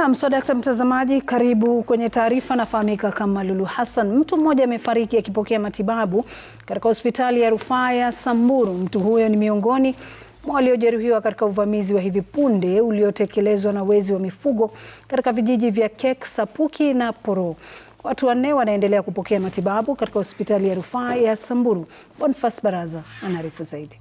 Naam, Swadakta mtazamaji, karibu kwenye taarifa. Nafahamika kama Lulu Hassan. Mtu mmoja amefariki akipokea matibabu katika hospitali ya rufaa ya Samburu. Mtu huyo ni miongoni mwa waliojeruhiwa katika uvamizi wa hivi punde uliotekelezwa na wezi wa mifugo katika vijiji vya Kek, Sapuki na Poro. Watu wanne wanaendelea kupokea matibabu katika hospitali ya rufaa ya Samburu. Bonfas Baraza anaarifu zaidi.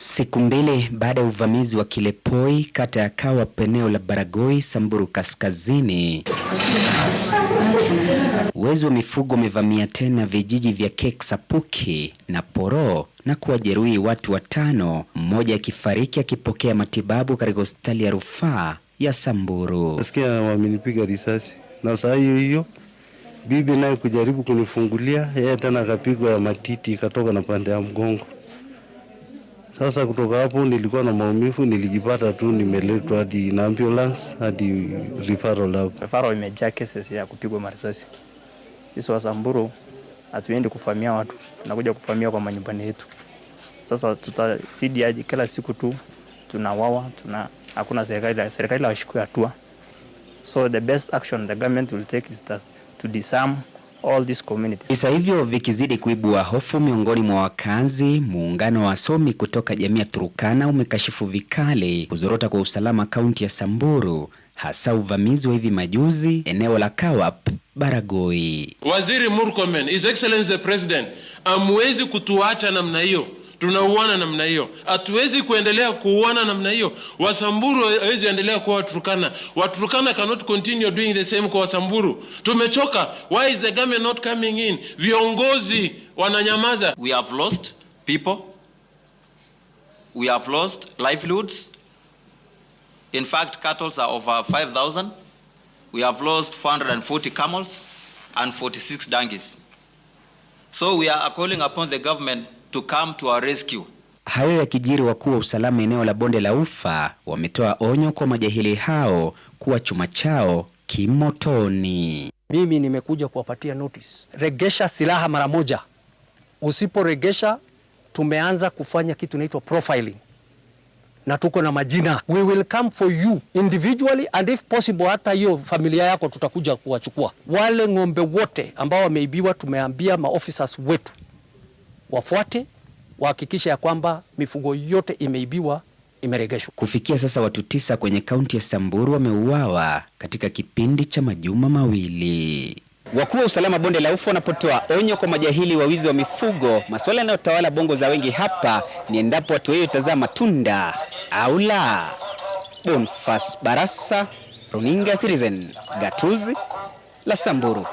Siku mbili baada ya uvamizi wa Kilepoi kata ya Kawap eneo la Baragoi Samburu Kaskazini, wezi wa mifugo wamevamia tena vijiji vya Keksapuki na Poro na kuwajeruhi watu watano, mmoja akifariki akipokea matibabu katika hospitali ya rufaa ya Samburu. Nasikia wamenipiga risasi na saa hiyo hiyo bibi naye kujaribu kunifungulia yeye tena akapigwa ya matiti ikatoka na pande ya mgongo. Sasa kutoka hapo nilikuwa na maumivu, nilijipata tu nimeletwa hadi na ambulance hadi referral lab. Referral imejaa cases ya kupigwa marisasi. Sisi Wasamburu hatuendi kufamia watu, tunakuja kufamia kwa manyumbani yetu. Sasa tutasidi aje? Kila siku tu tunawawa, tuna hakuna serikali, serikali hawashikui hatua. So the best action the government will take is that to disarm all these communities. Visa hivyo vikizidi kuibua hofu miongoni mwa wakazi, muungano wa somi kutoka jamii ya turukana umekashifu vikali kuzorota kwa usalama kaunti ya Samburu, hasa uvamizi wa hivi majuzi eneo la Kawap Baragoi. Waziri Murkomen, His Excellency the President, amwezi kutuacha namna hiyo tunauana namna hiyo, hatuwezi kuendelea kuuana namna hiyo. Wasamburu hawezi endelea kuwa waturukana waturukana cannot continue doing the same kwa Wasamburu. Tumechoka. Why is the government not coming in? Viongozi wananyamaza. We have lost people, we have lost livelihoods. In fact, cattles are over 5,000. We have lost 440 camels and 46 donkeys. So we are calling upon the government to come to our rescue. Hayo yakijiri, wakuu wa usalama eneo la bonde la Ufa wametoa onyo kwa majahili hao kuwa chuma chao kimotoni. Mimi nimekuja kuwapatia notice, regesha silaha mara moja. Usiporegesha, tumeanza kufanya kitu inaitwa profiling na tuko na majina. We will come for you individually and if possible, hata hiyo familia yako tutakuja kuwachukua. Wale ng'ombe wote ambao wameibiwa, tumeambia maofficers wetu wafuate wahakikisha ya kwamba mifugo yote imeibiwa imeregeshwa. Kufikia sasa watu tisa kwenye kaunti ya Samburu wameuawa katika kipindi cha majuma mawili. Wakuu wa usalama bonde la Ufa wanapotoa onyo kwa majahili wa wizi wa mifugo, masuala yanayotawala bongo za wengi hapa ni endapo watu hiyo utazaa matunda au la. Bonfas Barasa, runinga Citizen, gatuzi la Samburu.